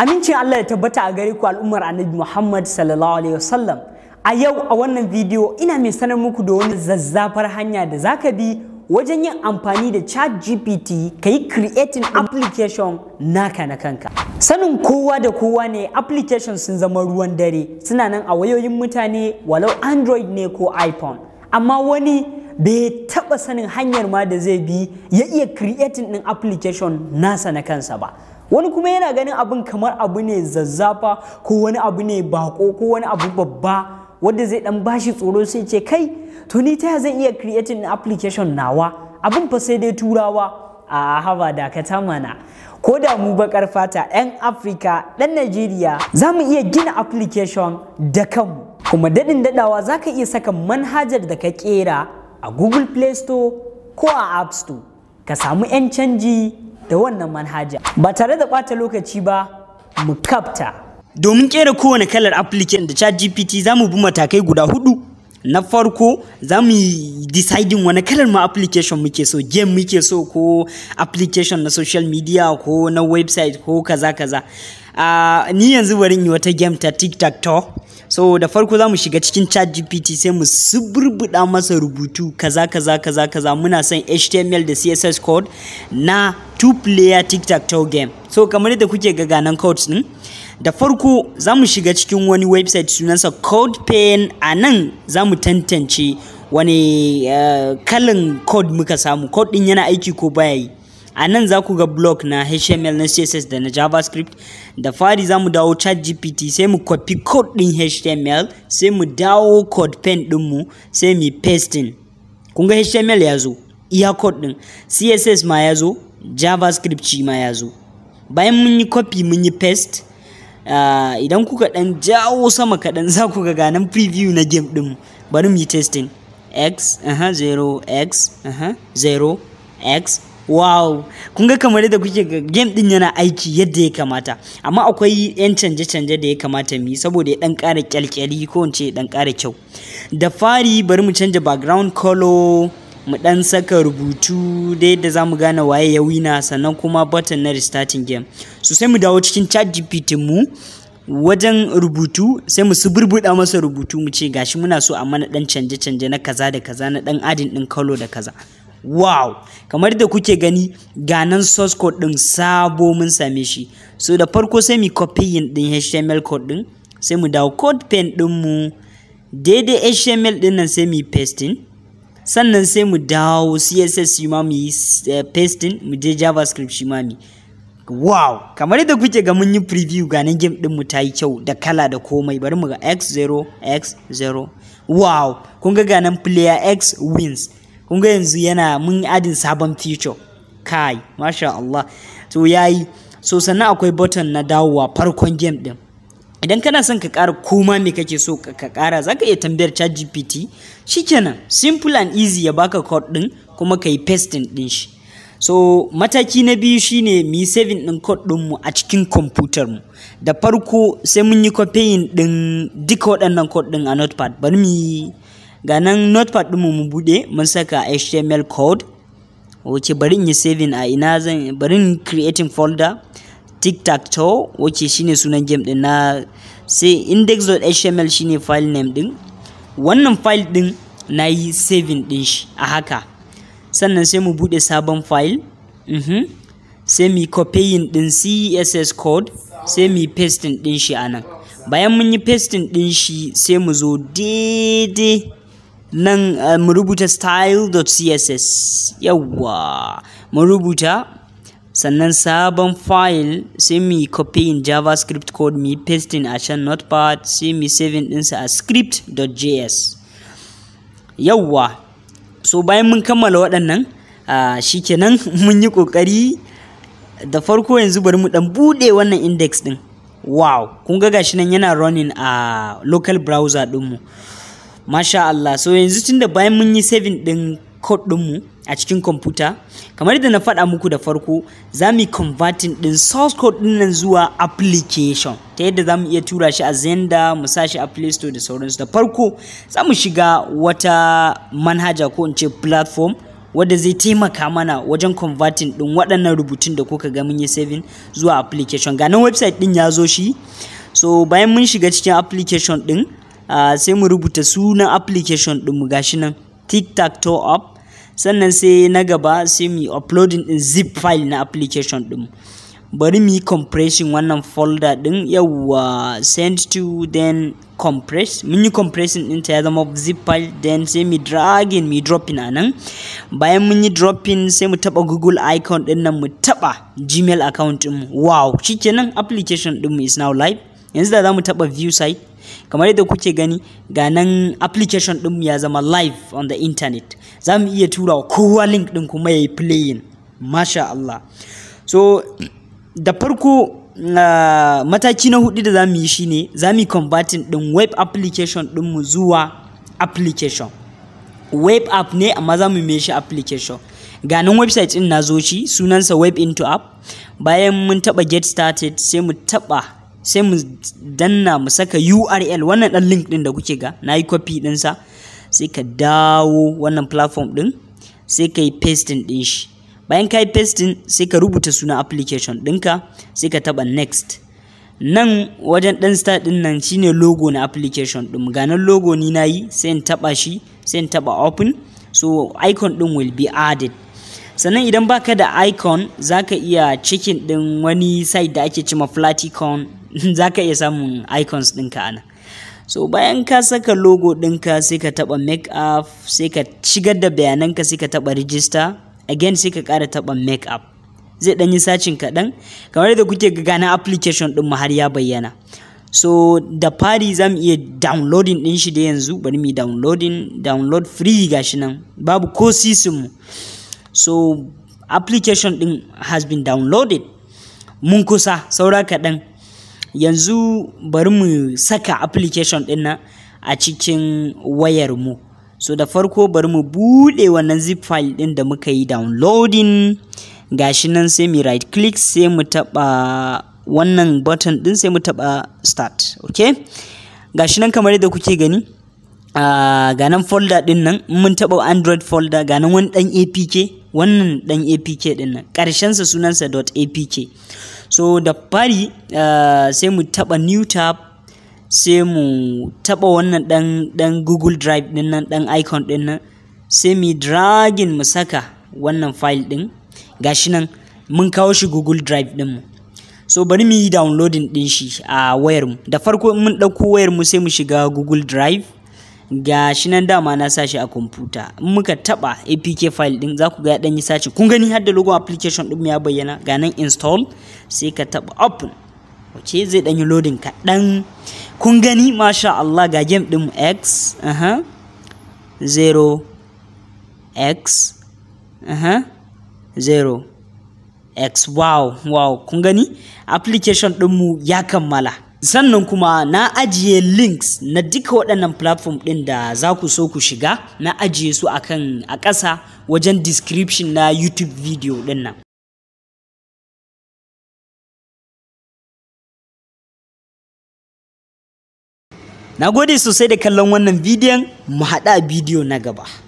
Amincin Allah ya tabbata a gare ku al'ummar Annabi Muhammad sallallahu alaihi wasallam. A yau a wannan bidiyo ina mai sanar muku da wani zazzafar hanya da zaka bi wajen yin amfani da ChatGPT ka yi creating application naka na kanka. Sanin kowa da kowa ne application sun zama ruwan dare suna nan a wayoyin mutane walau Android ne ko iPhone. Amma wani bai taɓa sanin hanyar ma da zai bi ya iya creating ɗin application nasa na kansa ba. wani kuma yana ganin abin kamar abu ne zazzafa ko wani abu ne bako ko wani abu babba wanda zai dan bashi tsoro sai ce kai to ni ta zan iya creating application nawa abin fa sai dai turawa a haba ta mana ko da mu bakar fata 'yan afirka dan najeriya za mu iya gina application da kanmu kuma daɗin daɗawa za ka iya saka manhajar da ka kera a google play store ko a app store ka samu 'yan canji da wannan manhaja ba tare da ɓata lokaci ba mu kafta domin kera kowane kalar application da chat gpt za mu bi matakai guda hudu na farko za mu yi deciding wani kalar ma application muke so game muke so ko application na social media ko na website ko kaza kaza Ah, ni yanzu bari in yi wata game ta tiktok to so da farko za mu shiga cikin chat gpt sai mu suburbuda masa rubutu kaza kaza kaza kaza muna son html da css code na two player tiktok to game so kamar yadda kuke ga ganan codes din da farko za mu shiga cikin wani website sunansa codepen a nan za mu tantance wani uh, eh, kalin code muka samu code din yana aiki ko baya yi a nan za ku ga blog na html na css da na javascript da fari za mu dawo chat gpt sai mu copy code din html sai mu dawo code pen dinmu sai mu pasting kun ga html ya zo iya code din css ma ya zo javascript shi ma ya zo bayan mun yi copy mun yi paste uh, idan kuka dan jawo sama kaɗan za ku ga ganan preview na game din bari mu yi testing x uh -huh, 0 x uh -huh, 0 x wow kun ga kamar da kuke ga game din yana aiki yadda ya kamata amma akwai yan canje-canje da ya kamata mu yi saboda ya dan kara kyalkyali ko in ce dan kara kyau da fari bari mu canja background color mu dan saka rubutu da yadda za mu gane waye ya wina sannan kuma button na restarting game so sai mu dawo cikin chat gpt mu wajen rubutu sai mu suburbuda masa rubutu mu ce gashi muna so a mana dan canje-canje na kaza da kaza na dan adin din color da kaza wow kamar da kuke gani ganan nan source code din sabo mun same shi so da farko sai mu copy din html code din sai mu dawo code pen din mu daidai html din nan sai mu pasting sannan sai mu dawo css shi ma mu yi eh, pasting mu je javascript shi ma mu wow kamar yadda kuke ga mun yi preview ga nan game mu ta yi kyau da kala da komai bari mu ga x0 x0 wow kun ga player x wins kun ga yanzu yana mun adin sabon feature kai masha Allah to yayi so sannan akwai button na dawowa farkon game din idan kana son ka ƙara koma me kake so ka ƙara za ka iya tambayar chat gpt shikenan simple and easy ya baka code din kuma ka yi pasting din shi so mataki na biyu shine mu yi saving din code din mu a cikin computer mu da farko sai mun yi copying din duka waɗannan code din a notepad bari mu ga nan notepad ɗinmu mu buɗe mun saka html code wace bari in yi saving a ina zan bari in creating folder tic tac toe wace shine sunan game din na sai index.html shine file name din wannan file din na yi saving din shi a haka sannan sai mu bude sabon file mm sai mu copying din css code sai mu pasting din shi anan bayan mun yi pasting din shi sai mu zo daidai nan eh, mu rubuta style.css yawwa mu rubuta sannan sabon fayil sai mu yi in javascript code mu yi pasting a can notepad sai mu saving ɗinsa a script.js yawwa so bayan mun kammala waɗannan ah, shikenan mun yi ƙoƙari da farko yanzu bari mu ɗan buɗe wannan index ɗin wow kun ga gashi nan yana running a local browser ɗinmu masha Allah so yanzu tun da bayan mun yi saving din code dinmu a cikin computer kamar da na faɗa muku da farko za mu converting ɗin source code dinnan nan zuwa application ta yadda za mu iya tura shi a zenda mu sa shi a play store da sauransu da farko za mu shiga wata manhaja ko in ce platform wadda zai taimaka mana wajen converting ɗin waɗannan rubutun da kuka ga mun yi saving zuwa application ga nan website din ya zo shi so bayan mun shiga cikin application din. Ah, sai mu rubuta sunan application ɗin mu gashi nan tiktok to up sannan sai na gaba sai mu uploading din zip file na application ɗin bari mu yi compression wannan folder ɗin yawwa send to then compress mun yi compressing ɗinta ya zama zip file then sai mu dragging mu dropping a nan bayan mun yi dropping sai mu taba google icon ɗin nan mu taba gmail account ɗin mu wow shikenan application mu is now live yanzu da za mu taba view site kamar yadda kuke gani ga nan application ɗin ya zama live on the internet za mu iya tura kowa link ɗin kuma ya yi playing masha Allah so da farko uh, mataki na hudu da za mu yi shi ne za mu yi converting ɗin web application ɗinmu zuwa application web app ne amma za mu mai shi application ganin website ɗin na zo shi sunansa web into app bayan mun taɓa get started sai mu taɓa sai mu danna mu saka url wannan dan link din da kuke ga na yi copy ɗinsa sai ka dawo wannan platform din sai ka yi pasting din shi bayan ka yi pasting sai ka rubuta suna application ɗinka sai ka taɓa next nan wajen dan start din nan shine logo na application din ganin logo ni na yi sai in taɓa shi sai in taɓa open so icon din will be added sannan idan baka da icon zaka iya cikin din wani site da ake cima flaticon zaka iya samun icons ɗinka ana so bayan ka saka logo ɗinka sai ka taɓa make up sai ka shigar da bayananka sai ka taɓa register again sai ka kara taɓa make up zai ɗanyi sacin kaɗan kamar yadda kuke gana application ɗin mu har ya bayyana so da fari za mu iya downloading din shi da yanzu bari mu downloading download free gashi nan babu ko sisin mu so application din has been downloaded mun kusa saura kaɗan yanzu bari mu saka application din nan a cikin wayar mu so da farko bari mu buɗe wannan zip file din da muka yi downloading gashi nan sai mu right click sai mu taɓa wannan button din sai mu taɓa start okay gashi nan kamar yadda kuke gani Uh, ah, ga nan folder din nan mun taɓa android folder ga nan wani dan apk wannan dan apk din nan ƙarshensa sunansa apk so da fari uh, sai mu taɓa new tab sai mu taɓa wannan dan google drive din nan dan icon din nan sai mu dragin mu saka wannan file din gashi nan mun kawo shi google drive din mu so bari mu yi downloading din shi a uh, wayar mu da farko mun ɗauko wayar mu sai mu shiga google drive ga shi nan dama na sa a kwamfuta in muka taba apk file din za ku ga dan yi sace kun gani har da logo application din ya bayyana ga nan install sai ka taba open wace zai dan yi loading kaɗan kun gani masha Allah ga game din x aha 0 x aha 0 x wow wow kun gani application ɗinmu ya kammala sannan kuma na ajiye links na duka waɗannan platform ɗin da za ku so ku shiga na ajiye su akan a ƙasa wajen description na youtube video ɗin nan na gode sosai da kallon wannan bidiyon mu haɗa bidiyo na gaba